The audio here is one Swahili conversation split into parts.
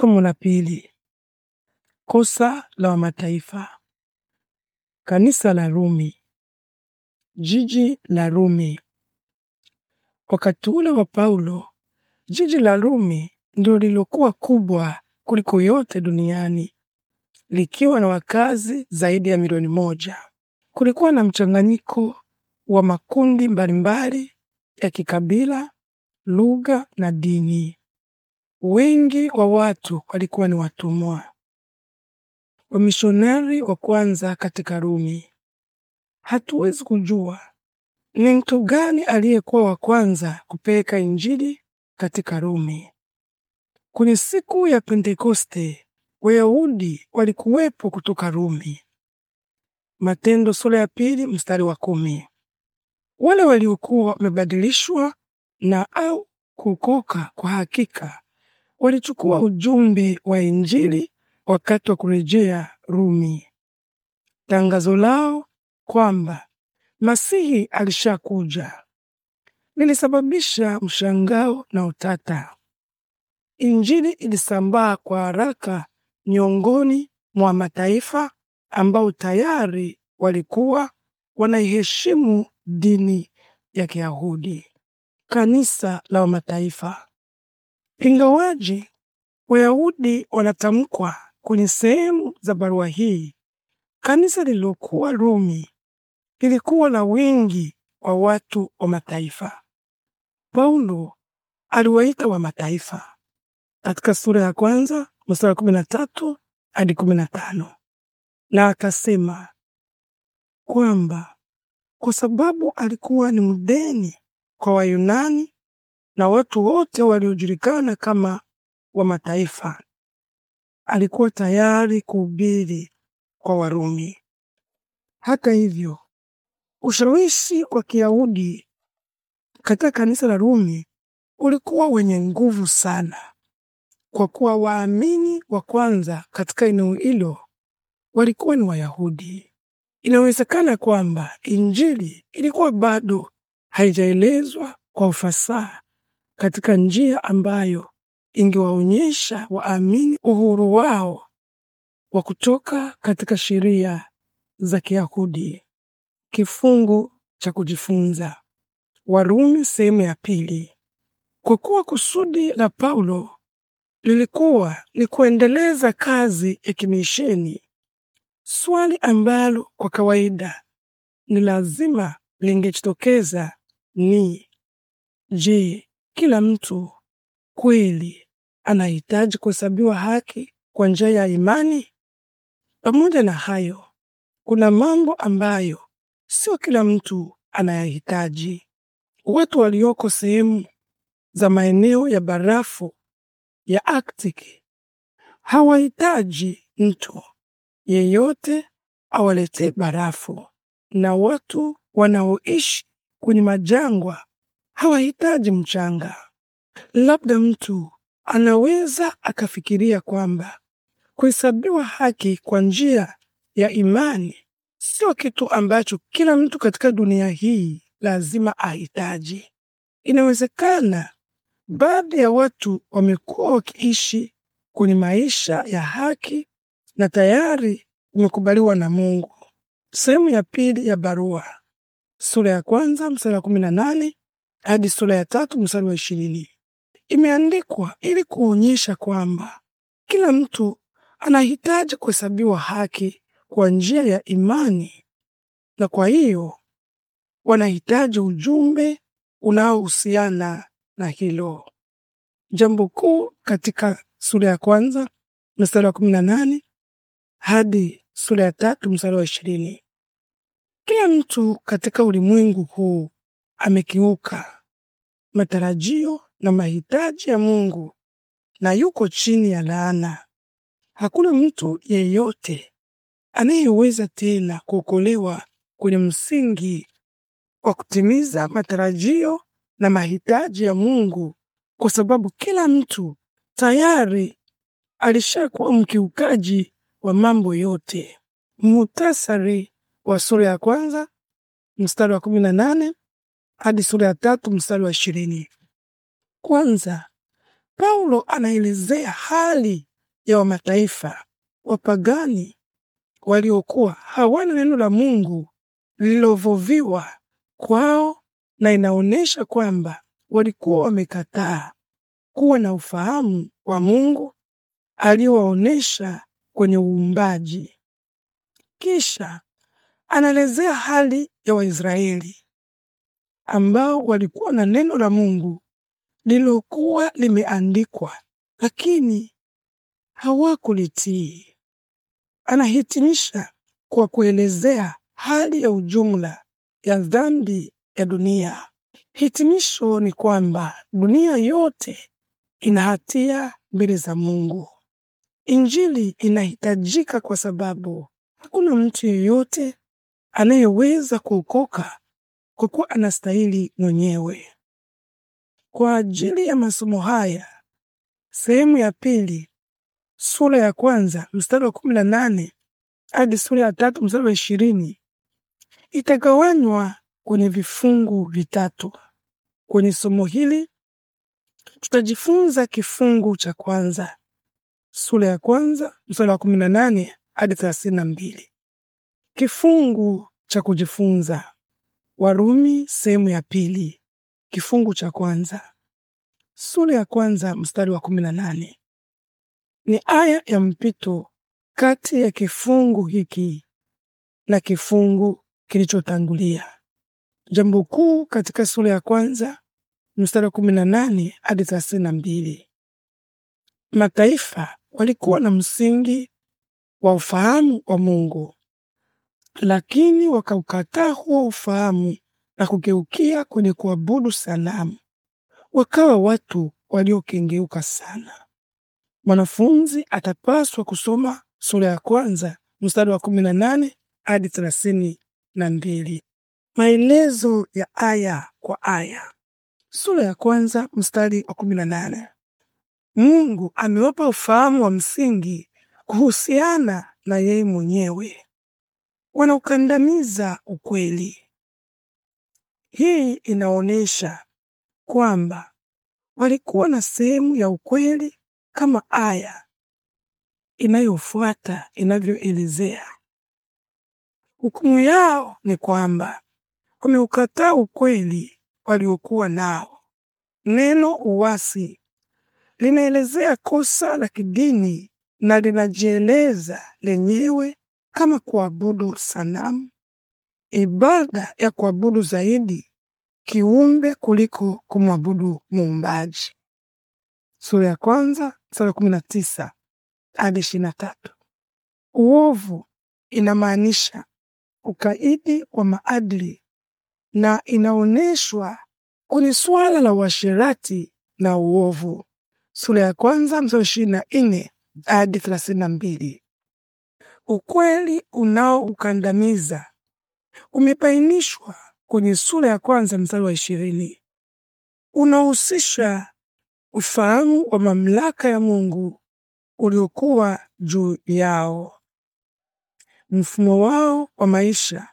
Somo la pili: kosa la wamataifa. Kanisa la Rumi, jiji la Rumi. Wakati ule wa Paulo, jiji la Rumi ndio lilokuwa kubwa kuliko yote duniani, likiwa na wakazi zaidi ya milioni moja. Kulikuwa na mchanganyiko wa makundi mbalimbali ya kikabila, lugha na dini. Wengi wa watu walikuwa ni watumwa. Wamishonari wa kwanza katika Rumi. Hatuwezi kujua ni mtu gani aliyekuwa wa kwanza kupeleka injili katika Rumi. Kwenye siku ya Pentekoste Wayahudi walikuwepo kutoka Rumi. Matendo sura ya pili mstari wa kumi. Wale waliokuwa wamebadilishwa na au kuokoka kwa hakika walichukua ujumbe wa Injili wakati wa kurejea Rumi. Tangazo lao kwamba Masihi alishakuja lilisababisha mshangao na utata. Injili ilisambaa kwa haraka miongoni mwa mataifa ambao tayari walikuwa wanaiheshimu dini ya Kiyahudi. Kanisa la mataifa Ingawaji Wayahudi wanatamkwa kwenye sehemu za barua hii, kanisa lililokuwa Rumi lilikuwa na wingi wa watu wa mataifa. Paulo aliwaita wa mataifa katika sura ya kwanza mstari kumi na tatu hadi kumi na tano na akasema kwamba kwa sababu alikuwa ni mdeni kwa Wayunani na watu wote waliojulikana kama wa mataifa. Alikuwa tayari kuhubiri kwa Warumi. Hata hivyo, ushawishi kwa Kiyahudi katika kanisa la Rumi ulikuwa wenye nguvu sana, kwa kuwa waamini wa kwanza katika eneo hilo walikuwa ni Wayahudi. Inawezekana kwamba Injili ilikuwa bado haijaelezwa kwa ufasaha katika njia ambayo ingewaonyesha waamini uhuru wao wa kutoka katika sheria za Kiyahudi. Kifungu cha kujifunza Warumi sehemu ya pili. Kwa kuwa kusudi la Paulo lilikuwa ni kuendeleza kazi ya kimisheni, swali ambalo kwa kawaida ni lazima lingejitokeza ni je, kila mtu kweli anahitaji kuhesabiwa haki kwa njia ya imani? Pamoja na hayo, kuna mambo ambayo sio kila mtu anayahitaji. Watu walioko sehemu za maeneo ya barafu ya Arktiki hawahitaji mtu yeyote awaletee barafu, na watu wanaoishi kwenye majangwa hawahitaji mchanga. Labda mtu anaweza akafikiria kwamba kuhesabiwa haki kwa njia ya imani sio kitu ambacho kila mtu katika dunia hii lazima ahitaji. Inawezekana baadhi ya watu wamekuwa wakiishi kwenye maisha ya haki na tayari umekubaliwa na Mungu. Sehemu ya pili ya barua, sura ya kwanza mstari wa nane hadi sura ya tatu mstari wa ishirini. Imeandikwa ili kuonyesha kwamba kila mtu anahitaji kuhesabiwa haki kwa njia ya imani, na kwa hiyo wanahitaji ujumbe unaohusiana na hilo. Jambo kuu katika sura ya kwanza mstari wa kumi na nane hadi sura ya tatu mstari wa ishirini. Kila mtu katika ulimwengu huu amekiuka matarajio na mahitaji ya Mungu na yuko chini ya laana. Hakuna mtu yeyote anayeweza tena kuokolewa kwenye msingi wa kutimiza matarajio na mahitaji ya Mungu kwa sababu kila mtu tayari alishakuwa mkiukaji wa mambo yote. Muhtasari wa sura ya kwanza mstari wa hadi sura ya tatu mstari wa ishirini. Kwanza, Paulo anaelezea hali ya wamataifa wapagani waliokuwa hawana neno la Mungu lililovuviwa kwao, na inaonyesha kwamba walikuwa wamekataa kuwa na ufahamu wa Mungu aliyowaonesha kwenye uumbaji. Kisha anaelezea hali ya Waisraeli ambao walikuwa na neno la Mungu lilokuwa limeandikwa, lakini hawakulitii. Anahitimisha kwa kuelezea hali ya ujumla ya dhambi ya dunia. Hitimisho ni kwamba dunia yote ina hatia mbele za Mungu. Injili inahitajika kwa sababu hakuna mtu yeyote anayeweza kuokoka kwa kuwa anastahili mwenyewe. Kwa ajili ya masomo haya, sehemu ya pili sura ya kwanza mstari wa kumi na nane hadi sura ya tatu mstari wa ishirini itagawanywa kwenye vifungu vitatu. Kwenye somo hili tutajifunza kifungu cha kwanza sura ya kwanza mstari wa kumi na nane hadi thelathini na mbili. Kifungu cha kujifunza: Warumi sehemu ya pili kifungu cha kwanza sura ya kwanza mstari wa kumi na nane ni aya ya mpito kati ya kifungu hiki na kifungu kilichotangulia. Jambo kuu katika sura ya kwanza mstari wa kumi na nane hadi thelathini na mbili mataifa walikuwa na msingi wa ufahamu wa Mungu lakini wakaukataa huo ufahamu na kugeukia kwenye kuabudu sanamu, wakawa watu waliokengeuka sana. Mwanafunzi atapaswa kusoma sura ya kwanza mstari wa kumi na nane hadi thelathini na mbili. Maelezo ya aya kwa aya. Sura ya kwanza mstari wa kumi na nane. Mungu amewapa ufahamu wa msingi kuhusiana na yeye mwenyewe wanaukandamiza ukweli. Hii inaonyesha kwamba walikuwa na sehemu ya ukweli kama aya inayofuata inavyoelezea. Hukumu yao ni kwamba wameukataa ukweli waliokuwa nao. Neno uwasi linaelezea kosa la kidini na linajieleza lenyewe kama kuabudu sanamu, ibada ya kuabudu zaidi kiumbe kuliko kumwabudu Muumbaji. Sura ya kwanza sura kumi na tisa hadi ishirini na tatu. Uovu inamaanisha ukaidi wa maadili na inaonyeshwa kwenye swala la uasherati na uovu. Sura ya kwanza mstari ishirini na nne hadi thelathini na mbili ukweli unaoukandamiza umebainishwa kwenye sura ya kwanza mstari wa ishirini. Unahusisha ufahamu wa mamlaka ya Mungu uliokuwa juu yao. Mfumo wao wa maisha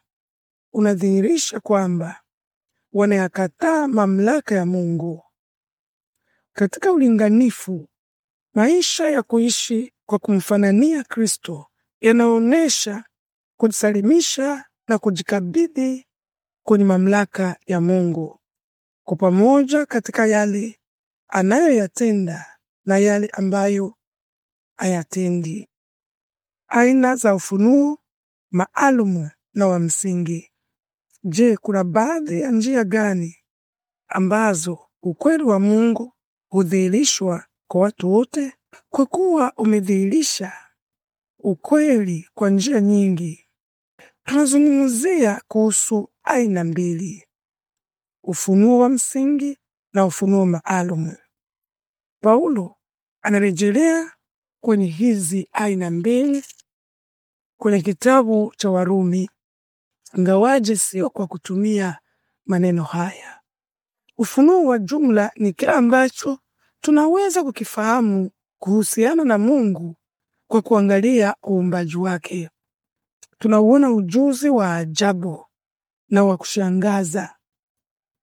unadhihirisha kwamba wanayakataa mamlaka ya Mungu. Katika ulinganifu, maisha ya kuishi kwa kumfanania Kristo yanaonyesha kujisalimisha na kujikabidhi kwenye mamlaka ya Mungu kwa pamoja katika yale anayoyatenda na yale ambayo ayatendi Aina za ufunuo maalumu na wa msingi. Je, kuna baadhi ya njia gani ambazo ukweli wa Mungu hudhihirishwa kwa watu wote? Kwa kuwa umedhihirisha ukweli kwa njia nyingi. Tunazungumzia kuhusu aina mbili, ufunuo wa msingi na ufunuo maalum. Paulo anarejelea kwenye hizi aina mbili kwenye kitabu cha Warumi, ngawaje sio kwa kutumia maneno haya. Ufunuo wa jumla ni kile ambacho tunaweza kukifahamu kuhusiana na Mungu kwa kuangalia uumbaji wake. Tunauona ujuzi wa ajabu na wa kushangaza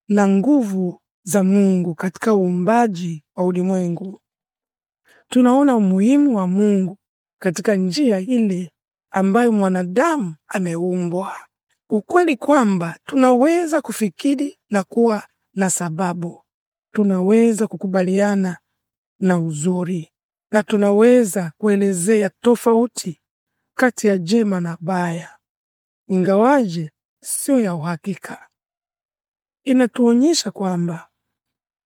na nguvu za Mungu katika uumbaji wa ulimwengu. Tunaona umuhimu wa Mungu katika njia ile ambayo mwanadamu ameumbwa, ukweli kwamba tunaweza kufikiri na kuwa na sababu, tunaweza kukubaliana na uzuri na tunaweza kuelezea tofauti kati ya jema na baya, ingawaje siyo ya uhakika. Inatuonyesha kwamba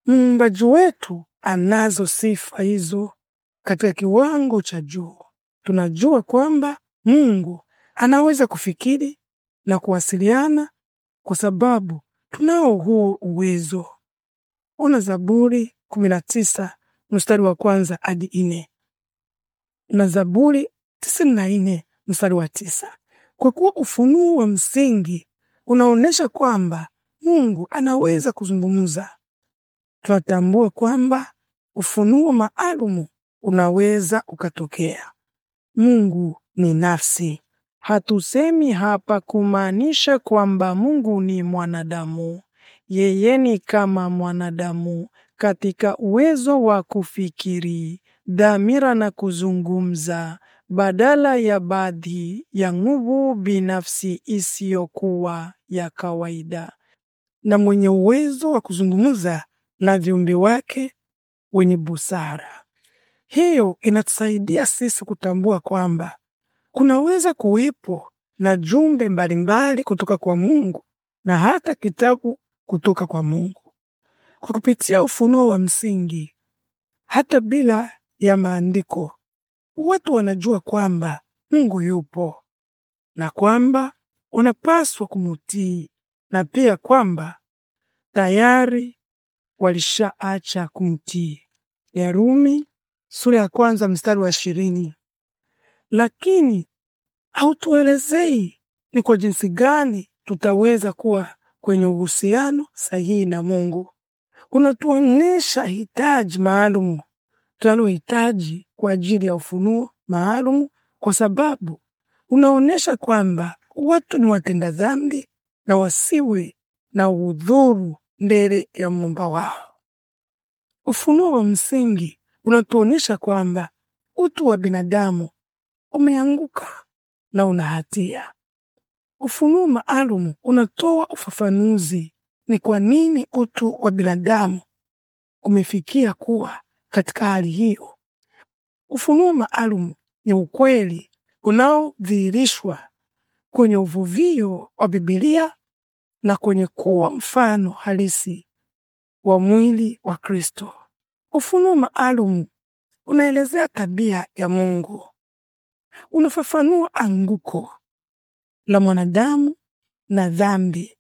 muumbaji wetu anazo sifa hizo katika kiwango cha juu. Tunajua kwamba Mungu anaweza kufikiri na kuwasiliana kwa sababu tunao huo uwezo. Ona Zaburi mstari wa kwanza hadi nne na Zaburi tisini na nne mstari wa tisa kwa kuwa ufunuo wa msingi unaonyesha kwamba Mungu anaweza kuzungumza. Tunatambua kwamba ufunuo maalumu unaweza ukatokea. Mungu ni nafsi. Hatusemi hapa kumaanisha kwamba Mungu ni mwanadamu. Yeye ni kama mwanadamu katika uwezo wa kufikiri, dhamira na kuzungumza badala ya baadhi ya nguvu binafsi isiyokuwa ya kawaida, na mwenye uwezo wa kuzungumza na viumbe wake wenye busara. Hiyo inatusaidia sisi kutambua kwamba kunaweza kuwepo na jumbe mbalimbali kutoka kwa Mungu na hata kitabu kutoka kwa Mungu kwa kupitia ufunuo wa msingi, hata bila ya maandiko. Watu wanajua kwamba Mungu yupo na kwamba unapaswa kumutii na pia kwamba tayari walishaacha kumtii. Yarumi sura ya kwanza mstari wa ishirini. Lakini hautuelezei ni kwa jinsi gani tutaweza kuwa kwenye uhusiano sahihi na Mungu unatuonyesha hitaji maalumu tunalohitaji kwa ajili ya ufunuo maalumu, kwa sababu unaonyesha kwamba watu ni watenda dhambi na wasiwe na udhuru mbele ya muumba wao. Ufunuo wa msingi unatuonyesha kwamba utu wa binadamu umeanguka na una hatia. Ufunuo maalumu unatoa ufafanuzi ni kwa nini utu wa binadamu umefikia kuwa katika hali hiyo. Ufunuo maalum ni ukweli unaodhihirishwa kwenye uvuvio wa Biblia na kwenye kuwa mfano halisi wa mwili wa Kristo. Ufunuo maalum unaelezea tabia ya Mungu, unafafanua anguko la mwanadamu na dhambi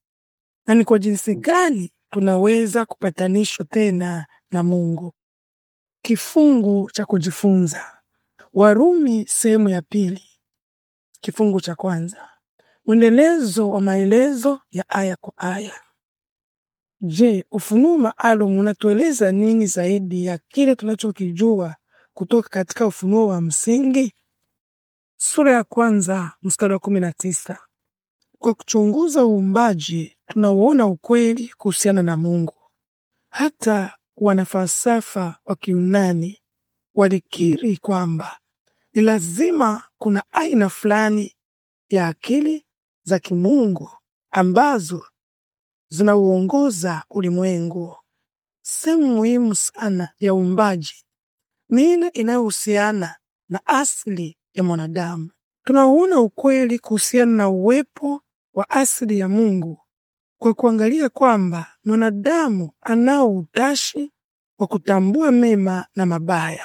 na ni kwa jinsi gani tunaweza kupatanishwa tena na Mungu. Kifungu cha kujifunza Warumi sehemu ya pili. Kifungu cha kwanza, mwendelezo wa maelezo ya aya kwa aya. Je, ufunuo maalum unatueleza nini zaidi ya kile tunachokijua kutoka katika ufunuo wa msingi? Sura ya kwanza mstari wa kumi na tisa. Kwa kuchunguza uumbaji tunauona ukweli kuhusiana na Mungu. Hata wanafalsafa wa Kiunani walikiri kwamba ni lazima kuna aina fulani ya akili za kimungu ambazo zinauongoza ulimwengu. Sehemu muhimu sana ya uumbaji ni ile inayohusiana na asili ya mwanadamu. Tunauona ukweli kuhusiana na uwepo wa asili ya Mungu kwa kuangalia kwamba mwanadamu anao utashi wa kutambua mema na mabaya.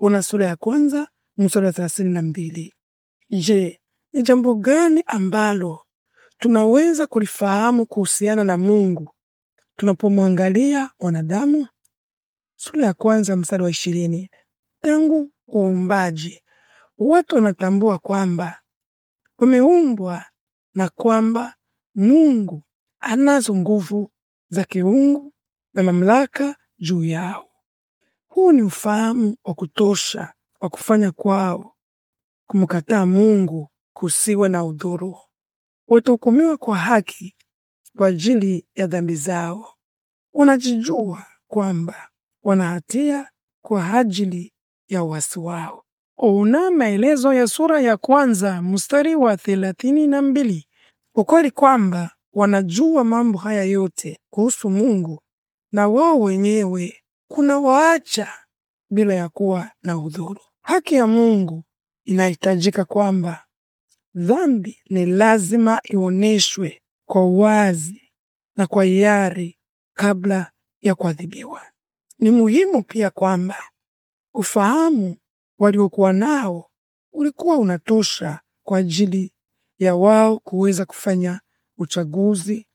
Ona sura ya kwanza mstari wa thelathini na mbili. Je, ni jambo gani ambalo tunaweza kulifahamu kuhusiana na Mungu tunapomwangalia mwanadamu Sura ya kwanza mstari wa ishirini. Tangu uumbaji watu wanatambua kwamba wameumbwa na kwamba Mungu anazo nguvu za kiungu na mamlaka juu yao. Huu ni ufahamu wa kutosha wa kufanya kwao kumkataa Mungu kusiwe na udhuru. Watahukumiwa kwa haki kwa ajili ya dhambi zao. Wanajijua kwamba wana hatia kwa ajili ya uasi wao. Una maelezo ya sura ya kwanza mstari wa thelathini na mbili ukweli kwamba wanajua mambo haya yote kuhusu Mungu na wao wenyewe kuna waacha bila ya kuwa na udhuru. Haki ya Mungu inahitajika kwamba dhambi ni lazima ioneshwe kwa wazi na kwa hiari kabla ya kuadhibiwa. Ni muhimu pia kwamba ufahamu waliokuwa nao ulikuwa unatosha kwa ajili ya wao kuweza kufanya uchaguzi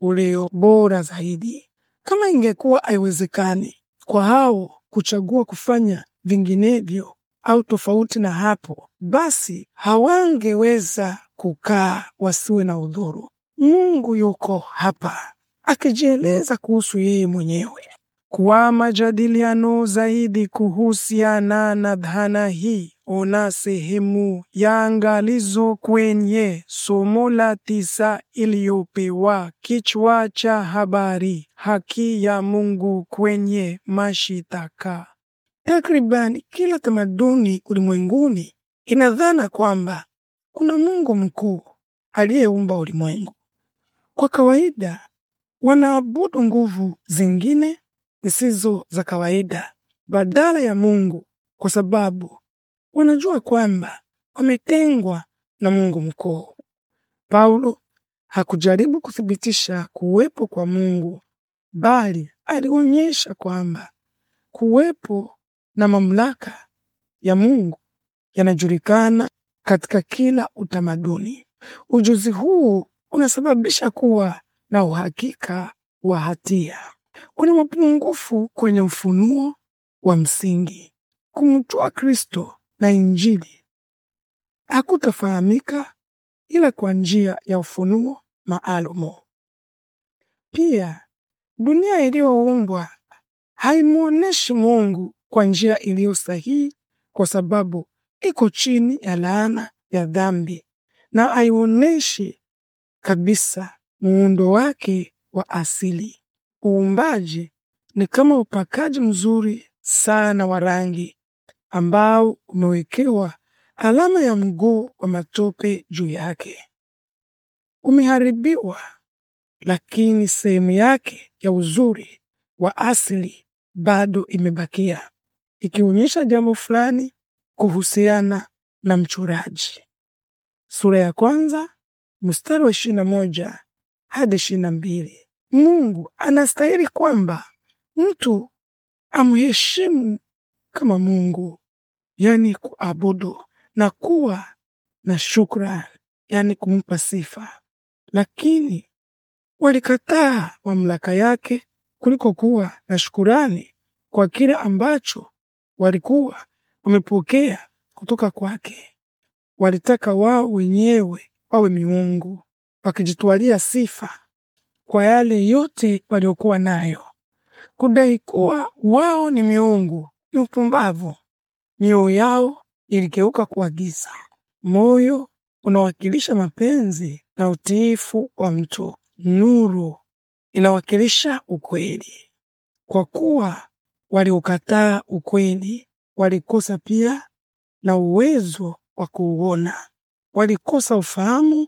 ulio bora zaidi. Kama ingekuwa haiwezekani kwa hao kuchagua kufanya vinginevyo au tofauti na hapo, basi hawangeweza kukaa wasiwe na udhuru. Mungu yuko hapa akijieleza kuhusu yeye mwenyewe. Kwa majadiliano zaidi kuhusiana na dhana hii, ona sehemu ya angalizo kwenye somo la tisa iliyopewa kichwa cha habari Haki ya Mungu kwenye mashitaka. Takriban kila tamaduni ulimwenguni ina dhana kwamba kuna Mungu mkuu aliyeumba ulimwengu. Kwa kawaida, wanaabudu nguvu zingine zisizo za kawaida badala ya Mungu kwa sababu wanajua kwamba wametengwa na Mungu mkuu. Paulo hakujaribu kuthibitisha kuwepo kwa Mungu, bali alionyesha kwamba kuwepo na mamlaka ya Mungu yanajulikana katika kila utamaduni. Ujuzi huu unasababisha kuwa na uhakika wa hatia kuna mapungufu kwenye ufunuo wa msingi. Kumtoa Kristo na Injili hakutafahamika ila kwa njia ya ufunuo maalumu. Pia dunia iliyoumbwa haimwonyeshi Mungu kwa njia iliyo sahihi, kwa sababu iko chini ya laana ya dhambi na haionyeshi kabisa muundo wake wa asili uumbaji ni kama upakaji mzuri sana wa rangi ambao umewekewa alama ya mguu wa matope juu yake. Umeharibiwa, lakini sehemu yake ya uzuri wa asili bado imebakia, ikionyesha jambo fulani kuhusiana na mchoraji. Sura ya kwanza mstari wa ishirini na moja hadi ishirini na mbili. Mungu anastahili kwamba mtu amheshimu kama Mungu, yani kuabudu na kuwa na shukrani, yani kumpa sifa. Lakini walikataa mamlaka yake kuliko kuwa na shukurani kwa kile ambacho walikuwa wamepokea kutoka kwake. Walitaka wao wenyewe wawe miungu wakijitwalia sifa kwa yale yote waliokuwa nayo. Kudai kuwa wao ni miungu ni upumbavu. Mioyo yao iligeuka kuwa giza. Moyo unawakilisha mapenzi na utiifu wa mtu. Nuru inawakilisha ukweli. Kwa kuwa waliukataa ukweli, walikosa pia na uwezo wa kuuona. Walikosa ufahamu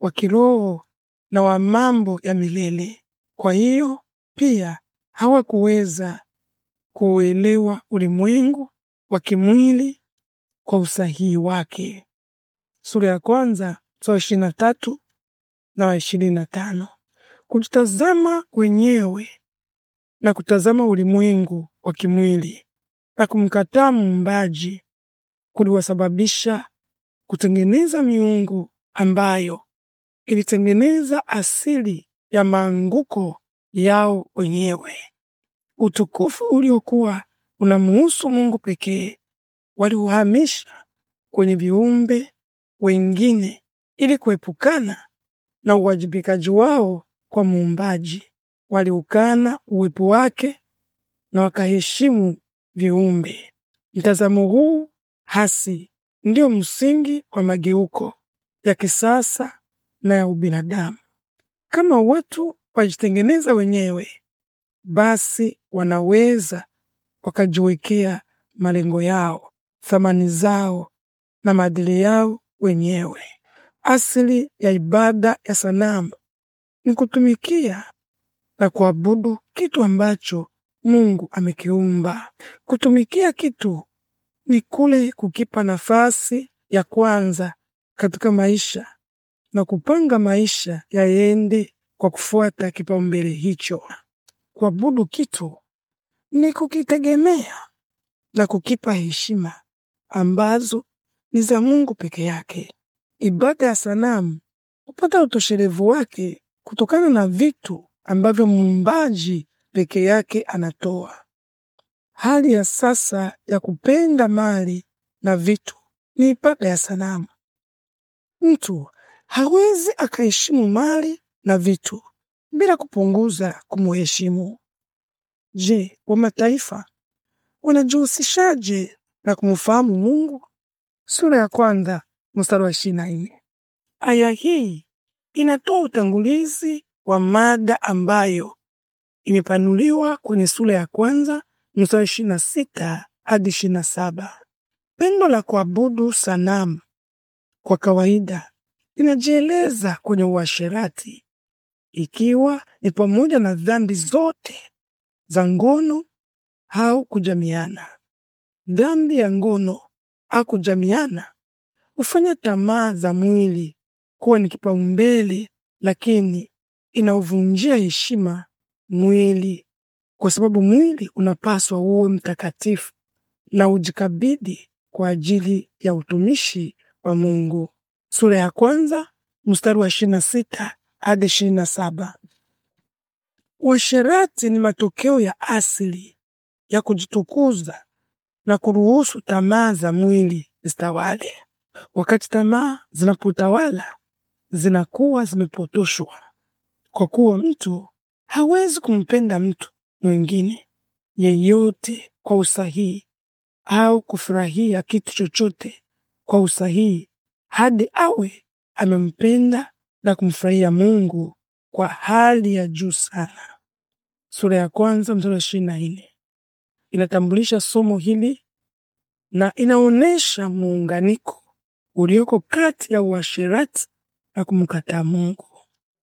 wa kiroho na wa mambo ya milele. Kwa hiyo pia hawakuweza kuuelewa ulimwengu wa kimwili kwa usahihi wake. Sura ya kwanza ishirini na tatu na wa ishirini na tano. Kujitazama wenyewe na kutazama ulimwengu wa kimwili na kumkataa muumbaji kuliwasababisha kutengeneza miungu ambayo ilitengeneza asili ya maanguko yao wenyewe. Utukufu uliokuwa unamuhusu Mungu pekee waliuhamisha kwenye viumbe wengine ili kuepukana na uwajibikaji wao kwa Muumbaji. Waliukana uwepo wake na wakaheshimu viumbe. Mtazamo huu hasi ndio msingi wa mageuko ya kisasa na ya ubinadamu. Kama watu wajitengeneza wenyewe, basi wanaweza wakajiwekea malengo yao, thamani zao na maadili yao wenyewe. Asili ya ibada ya sanamu ni kutumikia na kuabudu kitu ambacho Mungu amekiumba. Kutumikia kitu ni kule kukipa nafasi ya kwanza katika maisha na kupanga maisha yaende kwa kufuata kipaumbele hicho. Kuabudu kitu ni kukitegemea na kukipa heshima ambazo ni za Mungu peke yake. Ibada ya sanamu hupata utoshelevu wake kutokana na vitu ambavyo muumbaji peke yake anatoa. Hali ya sasa ya kupenda mali na vitu ni ibada ya sanamu. Mtu hawezi akaheshimu mali na vitu bila kupunguza kumuheshimu. Je, wa mataifa wanajihusishaje na kumfahamu Mungu? Sura ya kwanza mstari wa ishirini na nne. Aya hii inatoa utangulizi wa mada ambayo imepanuliwa kwenye sura ya kwanza mstari wa ishirini na sita hadi ishirini na saba. Pendo la kuabudu sanamu kwa kawaida inajieleza kwenye uasherati, ikiwa ni pamoja na dhambi zote za ngono au kujamiana. Dhambi ya ngono au kujamiana hufanya tamaa za mwili kuwa ni kipaumbele, lakini inauvunjia heshima mwili, kwa sababu mwili unapaswa uwe mtakatifu na ujikabidi kwa ajili ya utumishi wa Mungu sura ya kwanza mstari wa ishirini sita hadi ishirini na saba. Uasherati ni matokeo ya asili ya kujitukuza na kuruhusu tamaa za mwili zitawale. Wakati tamaa zinapotawala, zinakuwa zimepotoshwa, kwa kuwa mtu hawezi kumpenda mtu mwingine yeyote kwa usahihi au kufurahia kitu chochote kwa usahihi hadi awe amempenda na kumfurahia Mungu kwa hali ya juu sana. Sura ya kwanza mstari wa ishirini na nne inatambulisha somo hili na inaonyesha muunganiko ulioko kati ya uasherati na kumkataa Mungu,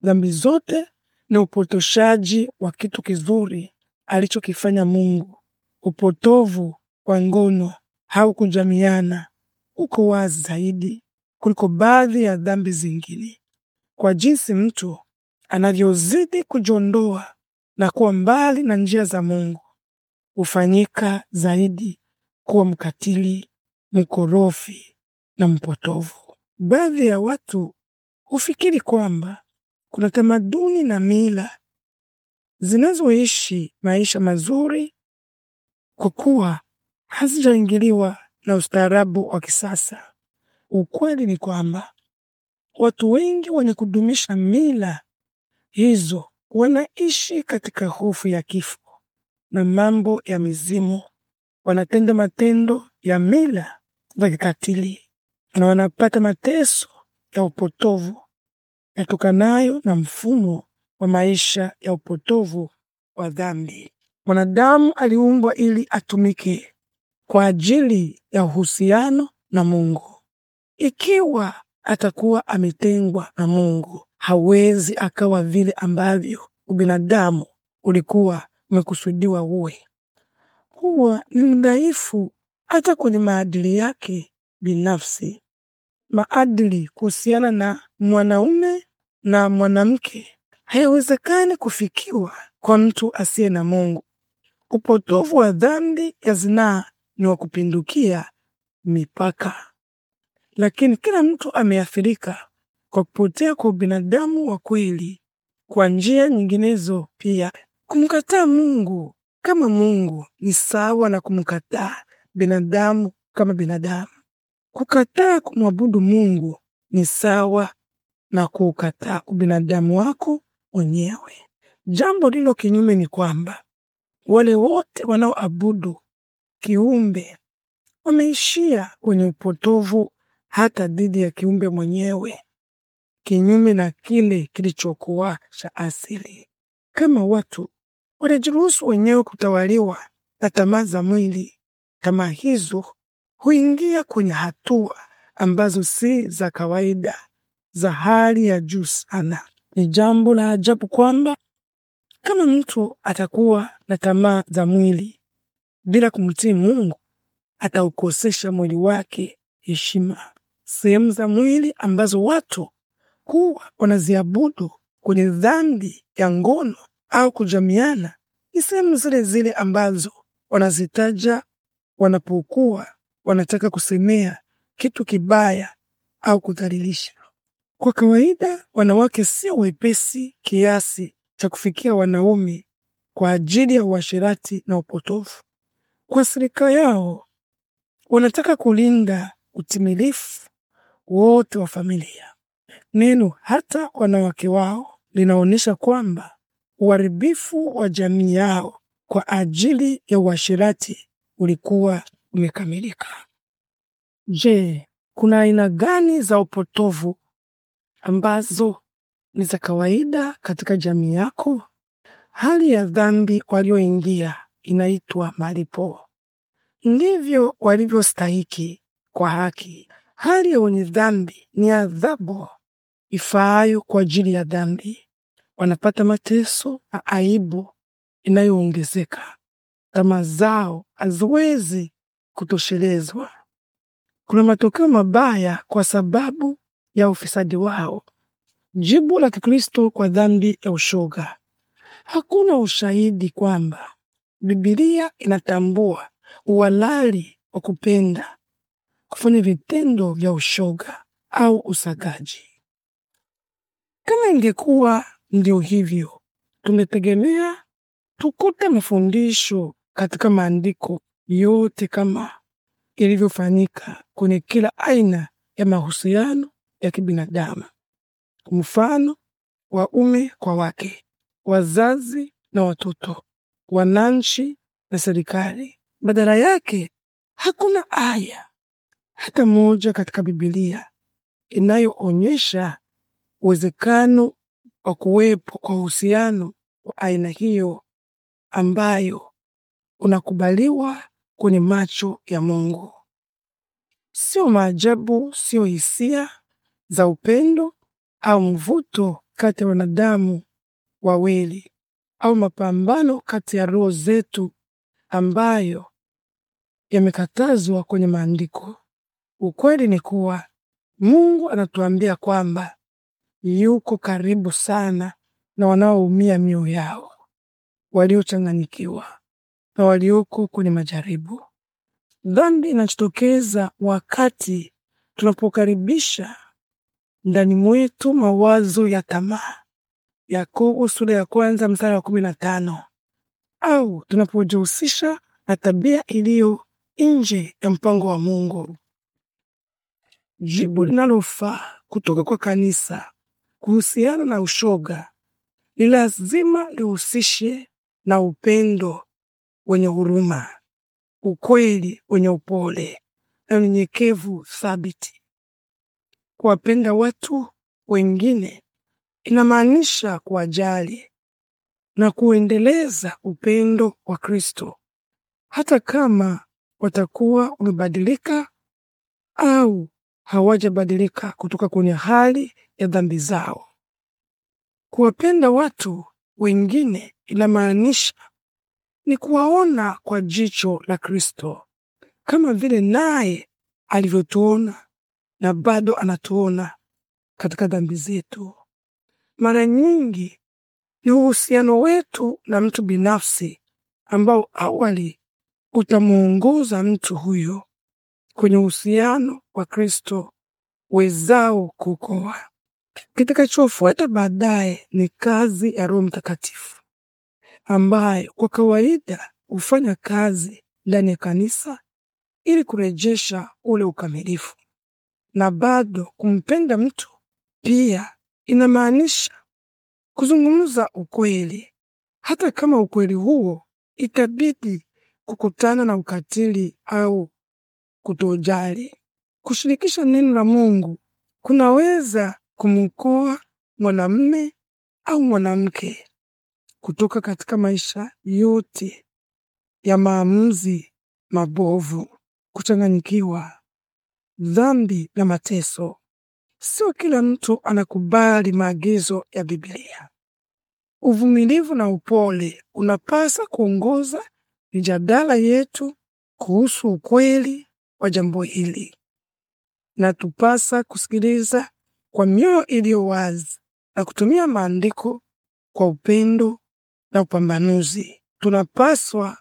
dhambi zote na upotoshaji wa kitu kizuri alichokifanya Mungu. Upotovu wa ngono au kujamiana uko wazi zaidi kuliko baadhi ya dhambi zingine, kwa jinsi mtu anavyozidi kujiondoa na kuwa mbali na njia za Mungu hufanyika zaidi kuwa mkatili, mkorofi na mpotovu. Baadhi ya watu hufikiri kwamba kuna tamaduni na mila zinazoishi maisha mazuri kwa kuwa hazijaingiliwa na ustaarabu wa kisasa. Ukweli ni kwamba watu wengi wenye kudumisha mila hizo wanaishi katika hofu ya kifo na mambo ya mizimu, wanatenda matendo ya mila za kikatili na wanapata mateso ya upotovu yatokanayo na mfumo wa maisha ya upotovu wa dhambi. Mwanadamu aliumbwa ili atumike kwa ajili ya uhusiano na Mungu. Ikiwa atakuwa ametengwa na Mungu, hawezi akawa vile ambavyo ubinadamu ulikuwa umekusudiwa uwe. Huwa ni mdhaifu hata kwenye maadili yake binafsi. Maadili kuhusiana na mwanaume na mwanamke hayawezekani kufikiwa kwa mtu asiye na Mungu. Upotovu wa dhambi ya zinaa ni wa kupindukia mipaka lakini kila mtu ameathirika kwa kupotea kwa ubinadamu wa kweli kwa njia nyinginezo pia. Kumkataa Mungu kama Mungu ni sawa na kumkataa binadamu kama binadamu. Kukataa kumwabudu Mungu ni sawa na kuukataa ubinadamu wako mwenyewe. Jambo lilo kinyume ni kwamba wale wote wanaoabudu kiumbe wameishia kwenye upotovu hata dhidi ya kiumbe mwenyewe, kinyume na kile kilichokuwa cha asili. Kama watu wanajiruhusu wenyewe kutawaliwa na tamaa za mwili, tamaa hizo huingia kwenye hatua ambazo si za kawaida za hali ya juu sana. Ni jambo la ajabu kwamba kama mtu atakuwa na tamaa za mwili bila kumtii Mungu, ataukosesha mwili wake heshima sehemu za mwili ambazo watu huwa wanaziabudu kwenye dhambi ya ngono au kujamiana ni sehemu zile zile ambazo wanazitaja wanapokuwa wanataka kusemea kitu kibaya au kudhalilisha. Kwa kawaida, wanawake sio wepesi kiasi cha kufikia wanaume kwa ajili ya uasherati na upotofu. Kwa sirika yao wanataka kulinda utimilifu wote wa familia. Neno hata wanawake wao linaonyesha kwamba uharibifu wa jamii yao kwa ajili ya uasherati ulikuwa umekamilika. Je, kuna aina gani za upotovu ambazo ni za kawaida katika jamii yako? Hali ya dhambi walioingia inaitwa malipo, ndivyo walivyostahiki kwa haki hali ya wenye dhambi ni adhabu ifaayo kwa ajili ya dhambi. Wanapata mateso na aibu inayoongezeka. Tamaa zao haziwezi kutoshelezwa. Kuna matokeo mabaya kwa sababu ya ufisadi wao. Jibu la Kikristo kwa dhambi ya ushoga. Hakuna ushahidi kwamba Biblia inatambua uhalali wa kupenda kufanya vitendo vya ushoga au usagaji. Kama ingekuwa ndio hivyo, tumetegemea tukute mafundisho katika maandiko yote kama ilivyofanyika kwenye kila aina ya mahusiano ya kibinadamu, mfano waume kwa wake, wazazi na watoto, wananchi na serikali. Badala yake hakuna aya hata moja katika Biblia inayoonyesha uwezekano wa kuwepo kwa uhusiano wa aina hiyo ambayo unakubaliwa kwenye macho ya Mungu. Sio maajabu, sio hisia za upendo au mvuto kati ya wanadamu wawili au mapambano kati ya roho zetu ambayo yamekatazwa kwenye maandiko. Ukweli ni kuwa Mungu anatuambia kwamba yuko karibu sana na wanaoumia mioyo yao, waliochanganyikiwa na walioko kwenye majaribu. Dhambi inajitokeza wakati tunapokaribisha ndani mwetu mawazo ya tamaa, Yakobo sura ya kwanza mstari wa kumi na tano, au tunapojihusisha na tabia iliyo nje ya mpango wa Mungu. Jibu linalofaa kutoka kwa kanisa kuhusiana na ushoga ni lazima lihusishe na upendo wenye huruma, ukweli wenye upole na unyenyekevu thabiti. Kuwapenda watu wengine inamaanisha kuwajali na kuendeleza upendo wa Kristo hata kama watakuwa wamebadilika au hawajabadilika kutoka kwenye hali ya dhambi zao. Kuwapenda watu wengine inamaanisha ni kuwaona kwa jicho la Kristo kama vile naye alivyotuona na bado anatuona katika dhambi zetu. Mara nyingi ni uhusiano wetu na mtu binafsi ambao awali utamwongoza mtu huyo kwenye uhusiano wa Kristo wezao kuokoa. Kitakachofuata baadaye ni kazi ya Roho Mtakatifu ambaye kwa kawaida hufanya kazi ndani ya kanisa ili kurejesha ule ukamilifu. Na bado kumpenda mtu pia inamaanisha kuzungumza ukweli, hata kama ukweli huo itabidi kukutana na ukatili au kutojali. Kushirikisha neno la Mungu kunaweza kumkoa mwanamume au mwanamke kutoka katika maisha yote ya maamuzi mabovu, kuchanganyikiwa, dhambi na mateso. Sio kila mtu anakubali maagizo ya Biblia. Uvumilivu na upole unapasa kuongoza mijadala yetu kuhusu ukweli wa jambo hili. Natupasa kusikiliza kwa mioyo iliyo wazi na kutumia maandiko kwa upendo na upambanuzi. Tunapaswa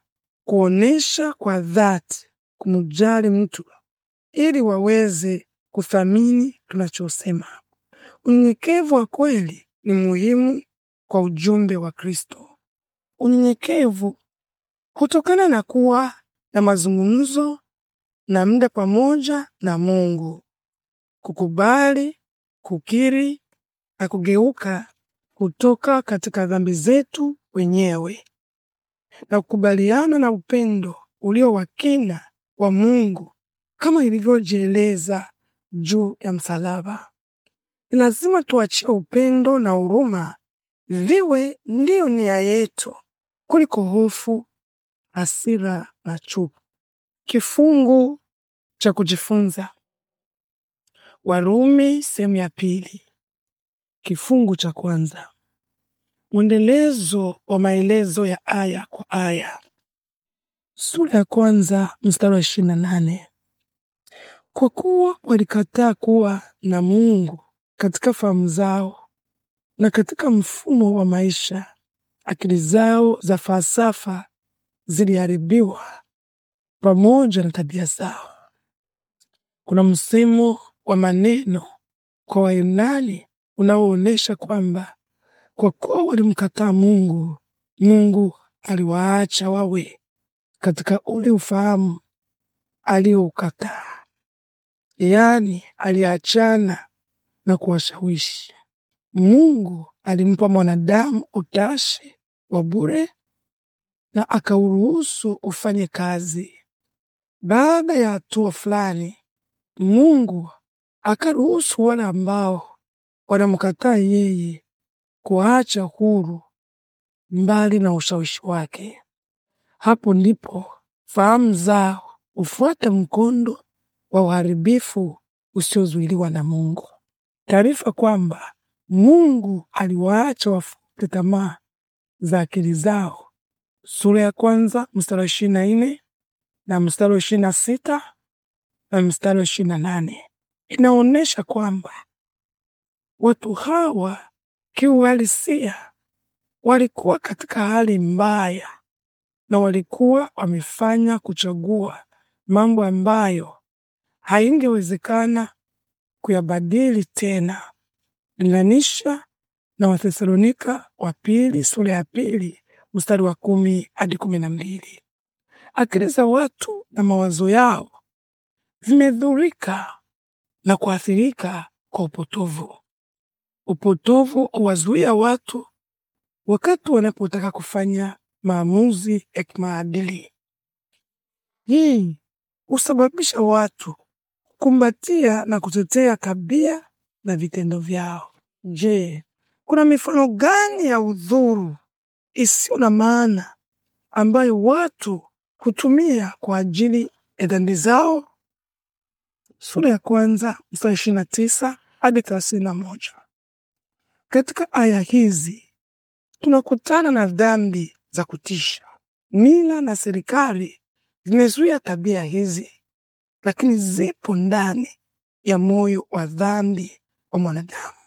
kuonesha kwa dhati kumjali mtu ili waweze kuthamini tunachosema. Unyenyekevu wa kweli ni muhimu kwa ujumbe wa Kristo. Unyenyekevu hutokana na kuwa na mazungumzo na muda pamoja na Mungu. Kukubali, kukiri na kugeuka kutoka katika dhambi zetu wenyewe na kukubaliana na upendo ulio wa kina wa Mungu kama ilivyojieleza juu ya msalaba. Ni lazima tuachie upendo na huruma viwe ndiyo nia yetu kuliko hofu, hasira na chuki. Kifungu cha kujifunza Warumi sehemu ya pili. Kifungu cha kwanza. Mwendelezo wa maelezo ya aya kwa aya. Sura ya kwanza mstari wa 28. Kwa kuwa walikataa kuwa na Mungu katika fahamu zao na katika mfumo wa maisha, akili zao za falsafa ziliharibiwa pamoja na tabia zao. Kuna msimu wa maneno kwa Wayunani unaoonyesha kwamba kwa kuwa walimkataa Mungu, Mungu aliwaacha wawe katika ule ufahamu aliyoukataa, yaani aliachana na kuwashawishi. Mungu alimpa mwanadamu utashi wa bure na akauruhusu ufanye kazi baada ya hatua fulani, Mungu akaruhusu wale ambao wanamkataa yeye kuacha huru mbali na ushawishi wake. Hapo ndipo fahamu zao ufuate mkondo wa uharibifu usiozuiliwa na Mungu. Taarifa kwamba Mungu aliwaacha wafute tamaa za akili zao, sura ya kwanza mstari ishirini na nne na mstari wa ishirini na sita na mstari wa ishirini na nane inaonyesha kwamba watu hawa kiuhalisia walikuwa katika hali mbaya na walikuwa wamefanya kuchagua mambo ambayo haingewezekana kuyabadili tena. Linganisha na Wathesalonika wa pili sura ya pili mstari wa kumi hadi kumi na mbili akili za watu na mawazo yao zimedhurika na kuathirika kwa upotovu. Upotovu huwazuia watu wakati wanapotaka kufanya maamuzi ya kimaadili. Hii husababisha watu kumbatia na kutetea kabia na vitendo vyao. Je, kuna mifano gani ya udhuru isiyo na maana ambayo watu kutumia kwa ajili ya dhambi zao, sura ya kwanza mstari ishirini na tisa hadi thelathini na moja. Katika aya hizi tunakutana na dhambi za kutisha. Mila na serikali zimezuia tabia hizi, lakini zipo ndani ya moyo wa dhambi wa mwanadamu.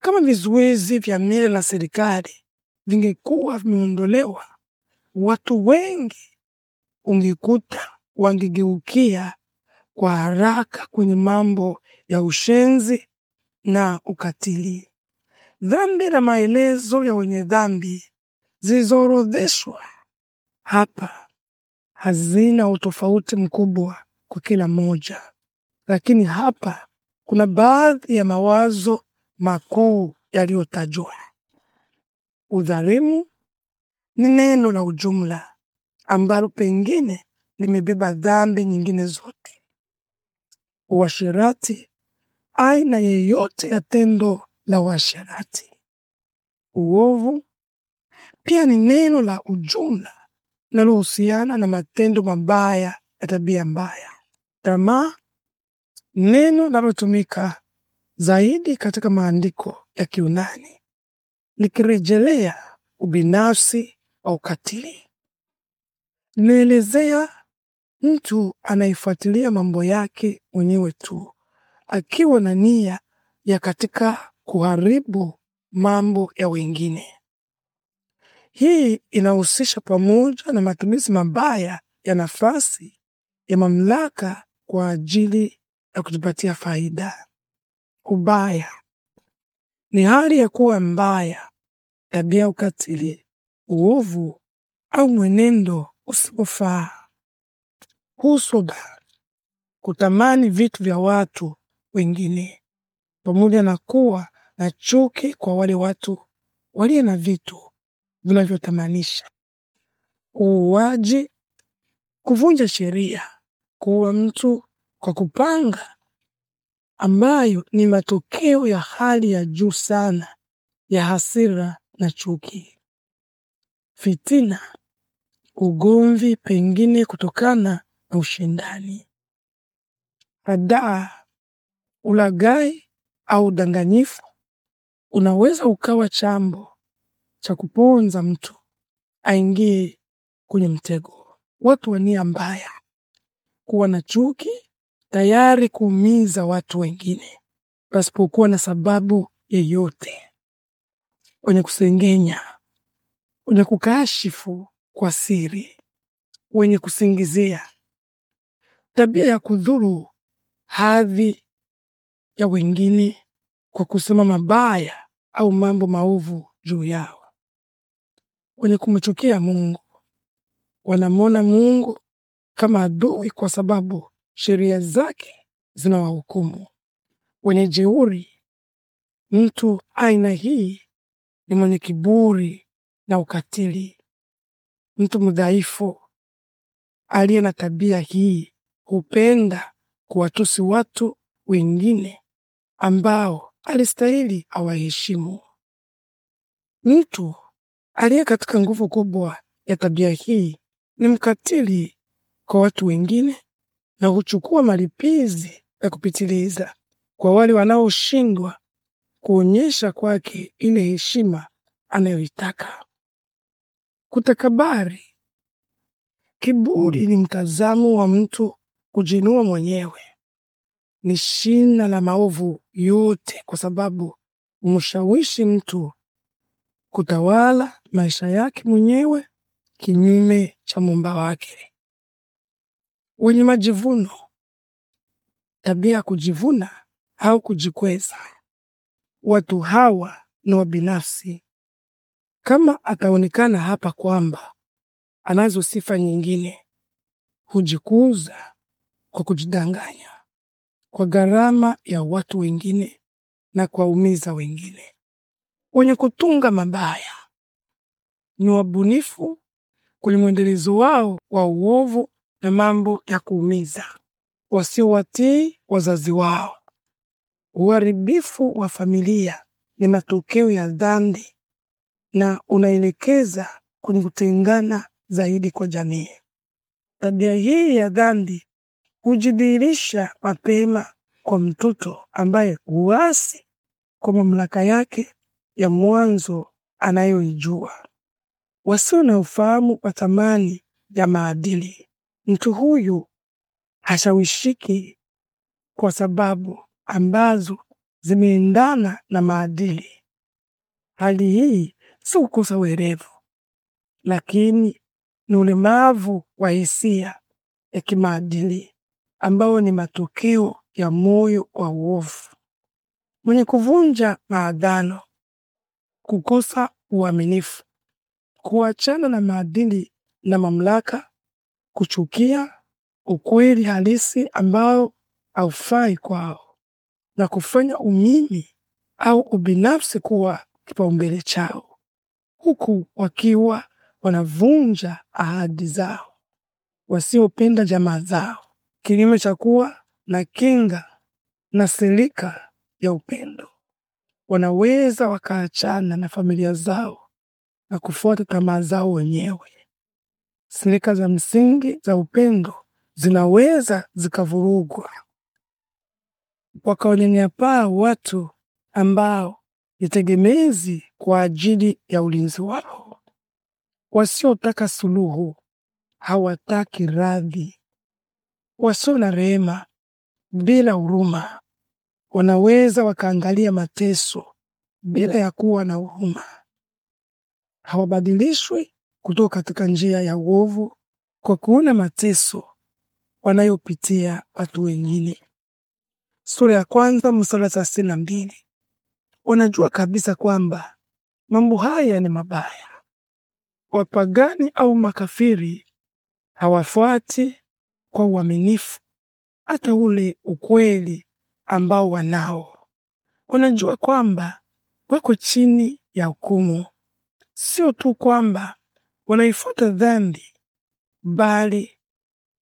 Kama vizuizi vya mila na serikali vingekuwa vimeondolewa, watu wengi ungekuta wangegeukia kwa haraka kwenye mambo ya ushenzi na ukatili. Dhambi na maelezo ya wenye dhambi zilizoorodheshwa hapa hazina utofauti mkubwa kwa kila moja, lakini hapa kuna baadhi ya mawazo makuu yaliyotajwa. Udhalimu ni neno la ujumla ambalo pengine limebeba dhambi nyingine zote, uasherati, aina yeyote ya tendo la uasherati. Uovu pia ni neno la ujumla linalohusiana na matendo mabaya ya tabia mbaya. Tamaa, neno linalotumika zaidi katika maandiko ya Kiunani likirejelea ubinafsi wa ukatili naelezea mtu anaifuatilia mambo yake mwenyewe tu, akiwa na nia ya katika kuharibu mambo ya wengine. Hii inahusisha pamoja na matumizi mabaya ya nafasi ya mamlaka kwa ajili ya kujipatia faida. Ubaya ni hali ya kuwa mbaya, tabia ukatili, uovu au mwenendo usipofaa husuda, kutamani vitu vya watu wengine, pamoja na kuwa na chuki kwa wale watu walio na vitu vinavyotamanisha, uuaji, kuvunja sheria, kuua mtu kwa kupanga, ambayo ni matokeo ya hali ya juu sana ya hasira na chuki, fitina ugomvi, pengine kutokana na ushindani. Hadaa, ulaghai au udanganyifu unaweza ukawa chambo cha kuponza mtu aingie kwenye mtego. Watu wa nia mbaya kuwa na chuki, tayari kuumiza watu wengine pasipokuwa na sababu yeyote, wenye kusengenya, wenye kukashifu kwa siri, wenye kusingizia, tabia ya kudhuru hadhi ya wengine kwa kusema mabaya au mambo maovu juu yao, wenye kumchukia Mungu, wanamwona Mungu kama adui kwa sababu sheria zake zinawahukumu, wenye jeuri. Mtu aina hii ni mwenye kiburi na ukatili. Mtu mdhaifu aliye na tabia hii hupenda kuwatusi watu wengine ambao alistahili awaheshimu. Mtu aliye katika nguvu kubwa ya tabia hii ni mkatili kwa watu wengine na huchukua malipizi ya kupitiliza kwa wale wanaoshindwa kuonyesha kwake ile heshima anayoitaka. Kutakabari, kiburi ni mtazamo wa mtu kujinua mwenyewe, ni shina la maovu yote, kwa sababu mshawishi mtu kutawala maisha yake mwenyewe kinyume cha mumba wake. Wenye majivuno, tabia ya kujivuna au kujikweza, watu hawa ni wabinafsi kama ataonekana hapa kwamba anazo sifa nyingine, hujikuza kwa kujidanganya, kwa gharama ya watu wengine na kuwaumiza wengine. Wenye kutunga mabaya ni wabunifu kwenye mwendelezo wao wa uovu na mambo ya kuumiza, wasiowatii wazazi wao. Uharibifu wa familia ni matokeo ya dhambi na unaelekeza kwenye kutengana zaidi kwa jamii. Tabia hii ya dhambi hujidhihirisha mapema kwa mtoto ambaye huasi kwa mamlaka yake ya mwanzo anayoijua. Wasio na ufahamu wa thamani ya maadili, mtu huyu hashawishiki kwa sababu ambazo zimeendana na maadili. Hali hii si kukosa uerevu, lakini ni ulemavu wa hisia ya kimaadili ambao ni matokeo ya moyo wa uovu mwenye kuvunja maadhano kukosa uaminifu, kuachana na maadili na mamlaka, kuchukia ukweli halisi ambao haufai kwao, na kufanya umimi au ubinafsi kuwa kipaumbele chao huku wakiwa wanavunja ahadi zao, wasiopenda jamaa zao, kinyume cha kuwa na kinga na silika ya upendo. Wanaweza wakaachana na familia zao na kufuata tamaa zao wenyewe. Silika za msingi za upendo zinaweza zikavurugwa, wakawanyanyapaa watu ambao nitegemezi kwa ajili ya ulinzi wao. Wasiotaka suluhu hawataki radhi. Wasio na rehema bila huruma wanaweza wakaangalia mateso bila ya kuwa na huruma. Hawabadilishwi kutoka katika njia ya uovu kwa kuona mateso wanayopitia watu wengine. Sura ya kwanza mstari thelathini na mbili wanajua kabisa kwamba mambo haya ni mabaya. Wapagani au makafiri hawafuati kwa uaminifu hata ule ukweli ambao wanao. Wanajua kwamba wako chini ya hukumu. Sio tu kwamba wanaifuata dhambi, bali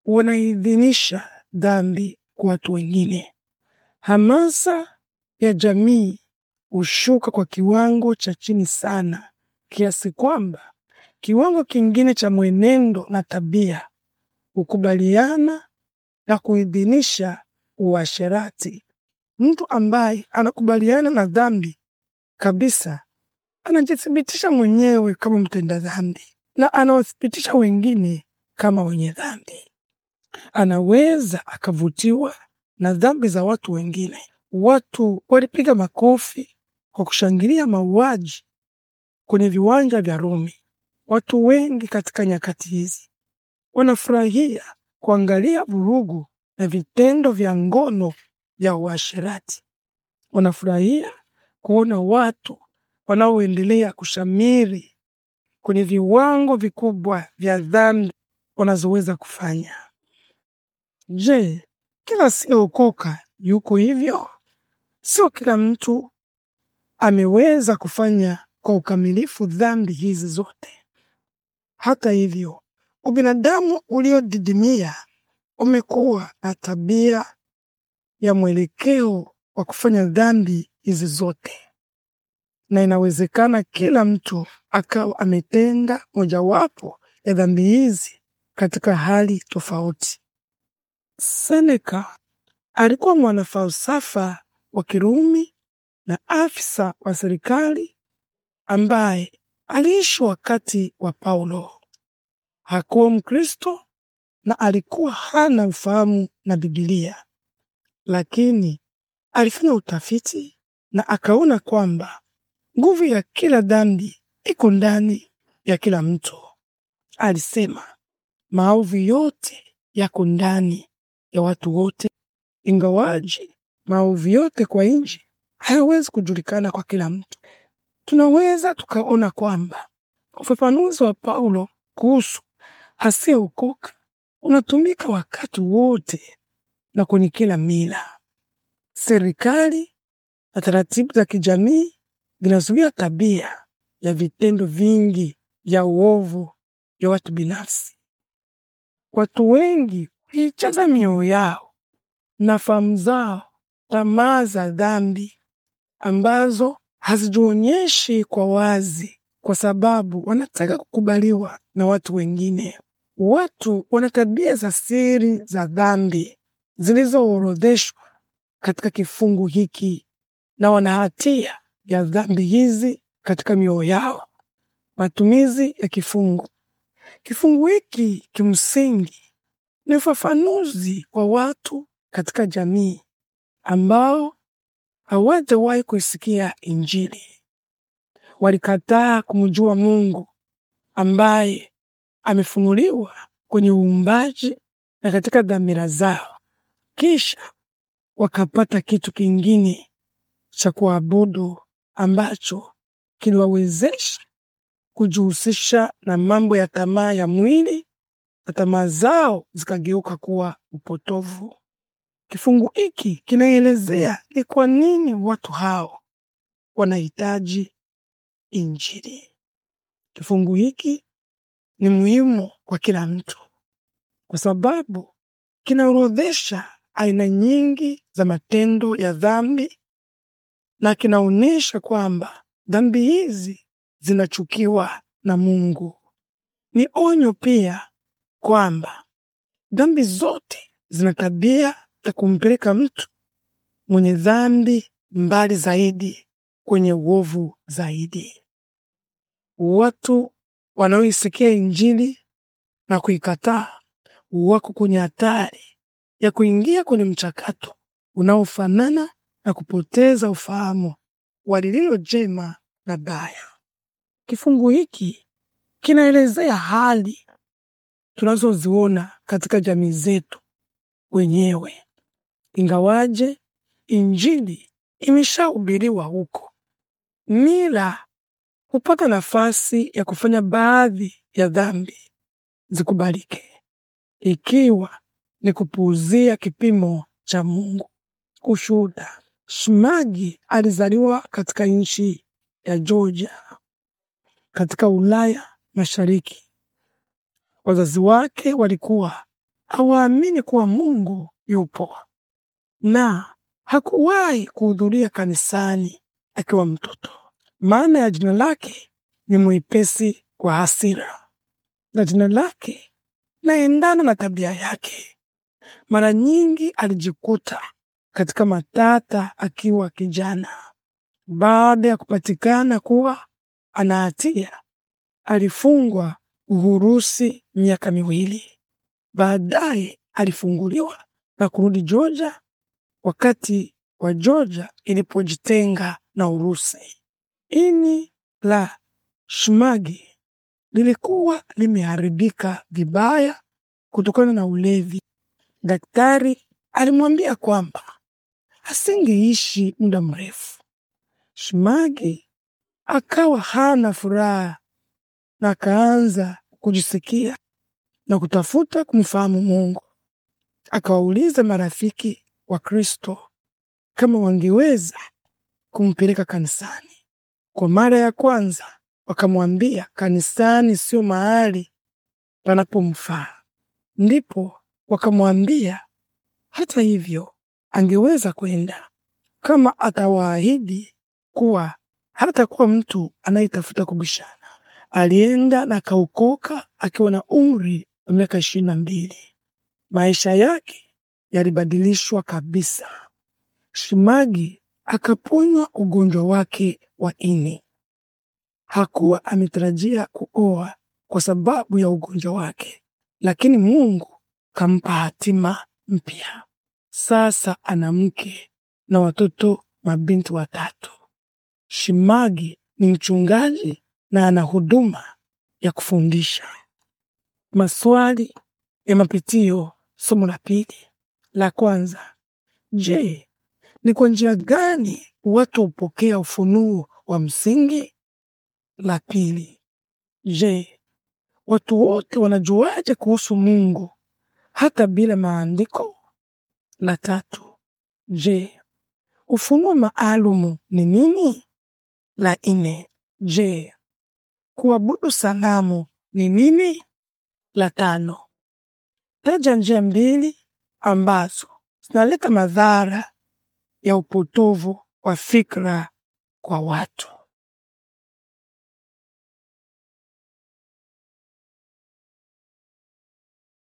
wanaidhinisha dhambi kwa watu wengine. Hamasa ya jamii hushuka kwa kiwango cha chini sana kiasi kwamba kiwango kingine cha mwenendo na tabia hukubaliana na kuidhinisha uasherati. Mtu ambaye anakubaliana na dhambi kabisa anajithibitisha mwenyewe kama mtenda dhambi na anawathibitisha wengine kama wenye dhambi. Anaweza akavutiwa na dhambi za watu wengine. Watu walipiga makofi kwa kushangilia mauaji kwenye viwanja vya Rumi. Watu wengi katika nyakati hizi wanafurahia kuangalia vurugu na vitendo vya ngono vya uasherati. Wanafurahia kuona watu wanaoendelea kushamiri kwenye viwango vikubwa vya dhambi wanazoweza kufanya. Je, kila asiyeokoka yuko hivyo? Sio kila mtu ameweza kufanya kwa ukamilifu dhambi hizi zote. Hata hivyo, ubinadamu uliodidimia umekuwa na tabia ya mwelekeo wa kufanya dhambi hizi zote, na inawezekana kila mtu akawa ametenda mojawapo ya dhambi hizi katika hali tofauti. Seneca alikuwa mwanafalsafa wa Kirumi na afisa wa serikali ambaye aliishi wakati wa Paulo. Hakuwa Mkristo na alikuwa hana ufahamu na Biblia, lakini alifanya utafiti na akaona kwamba nguvu ya kila dhambi iko ndani ya kila mtu. Alisema maovu yote yako ndani ya watu wote, ingawaji maovu yote kwa nje hayawezi kujulikana kwa kila mtu. Tunaweza tukaona kwamba ufafanuzi wa Paulo kuhusu asiyeokoka unatumika wakati wote na kwenye kila mila, serikali na taratibu za kijamii vinazuia tabia ya vitendo vingi vya uovu vya watu binafsi. Watu wengi huijaza mioyo yao na fahamu zao tamaa za dhambi ambazo hazijionyeshi kwa wazi, kwa sababu wanataka kukubaliwa na watu wengine. Watu wana tabia za siri za dhambi zilizoorodheshwa katika kifungu hiki, na wana hatia ya dhambi hizi katika mioyo yao. Matumizi ya kifungu kifungu hiki kimsingi ni ufafanuzi wa watu katika jamii ambao hawajawahi kuisikia Injili. Walikataa kumjua Mungu ambaye amefunuliwa kwenye uumbaji na katika dhamira zao. Kisha wakapata kitu kingine cha kuabudu ambacho kiliwawezesha kujihusisha na mambo ya tamaa ya mwili na tamaa zao zikageuka kuwa upotovu. Kifungu hiki kinaelezea ni kwa nini watu hao wanahitaji Injili. Kifungu hiki ni muhimu kwa kila mtu kwa sababu kinaorodhesha aina nyingi za matendo ya dhambi na kinaonyesha kwamba dhambi hizi zinachukiwa na Mungu. Ni onyo pia kwamba dhambi zote zina tabia kumpeleka mtu mwenye dhambi mbali zaidi kwenye uovu zaidi. Watu wanaoisikia Injili na kuikataa wako kwenye hatari ya kuingia kwenye mchakato unaofanana na kupoteza ufahamu wa lililo jema na baya. Kifungu hiki kinaelezea hali tunazoziona katika jamii zetu wenyewe ingawaje Injili imeshahubiriwa huko. Mila hupata nafasi ya kufanya baadhi ya dhambi zikubalike, ikiwa ni kupuuzia kipimo cha Mungu. Ushuhuda: Shumagi alizaliwa katika nchi ya Georgia katika Ulaya Mashariki. Wazazi wake walikuwa hawaamini kuwa Mungu yupo na hakuwahi kuhudhuria kanisani akiwa mtoto. Maana ya jina lake ni mwepesi kwa hasira, na jina lake naendana na tabia yake. Mara nyingi alijikuta katika matata akiwa kijana. Baada ya kupatikana kuwa ana hatia, alifungwa Uhurusi miaka miwili. Baadaye alifunguliwa na kurudi Georgia wakati wa Georgia ilipojitenga na Urusi. Ini la Shmagi lilikuwa limeharibika vibaya kutokana na ulevi. Daktari alimwambia kwamba asingeishi muda mrefu. Shmagi akawa hana furaha na akaanza kujisikia na kutafuta kumfahamu Mungu. Akawauliza marafiki Wakristo kama wangeweza kumpeleka kanisani kwa mara ya kwanza, wakamwambia kanisani sio mahali panapomfaa. Ndipo wakamwambia hata hivyo angeweza kwenda kama atawaahidi kuwa hatakuwa mtu anayetafuta kubishana. Alienda na kaukoka akiwa na umri wa miaka ishirini na mbili. Maisha yake yalibadilishwa kabisa. Shimagi akaponywa ugonjwa wake wa ini. Hakuwa ametarajia kuoa kwa sababu ya ugonjwa wake, lakini Mungu kampa hatima mpya. Sasa ana mke na watoto mabinti watatu. Shimagi ni mchungaji na ana huduma ya kufundisha. Maswali ya mapitio, somo la pili la kwanza, je, ni kwa njia gani watu hupokea ufunuo wa msingi? La pili, je, watu wote wanajuaje kuhusu Mungu hata bila maandiko? La tatu, je, ufunuo maalumu ni nini? La nne, je, kuabudu sanamu ni nini? La tano, taja njia mbili ambazo zinaleta madhara ya upotovu wa fikra kwa watu.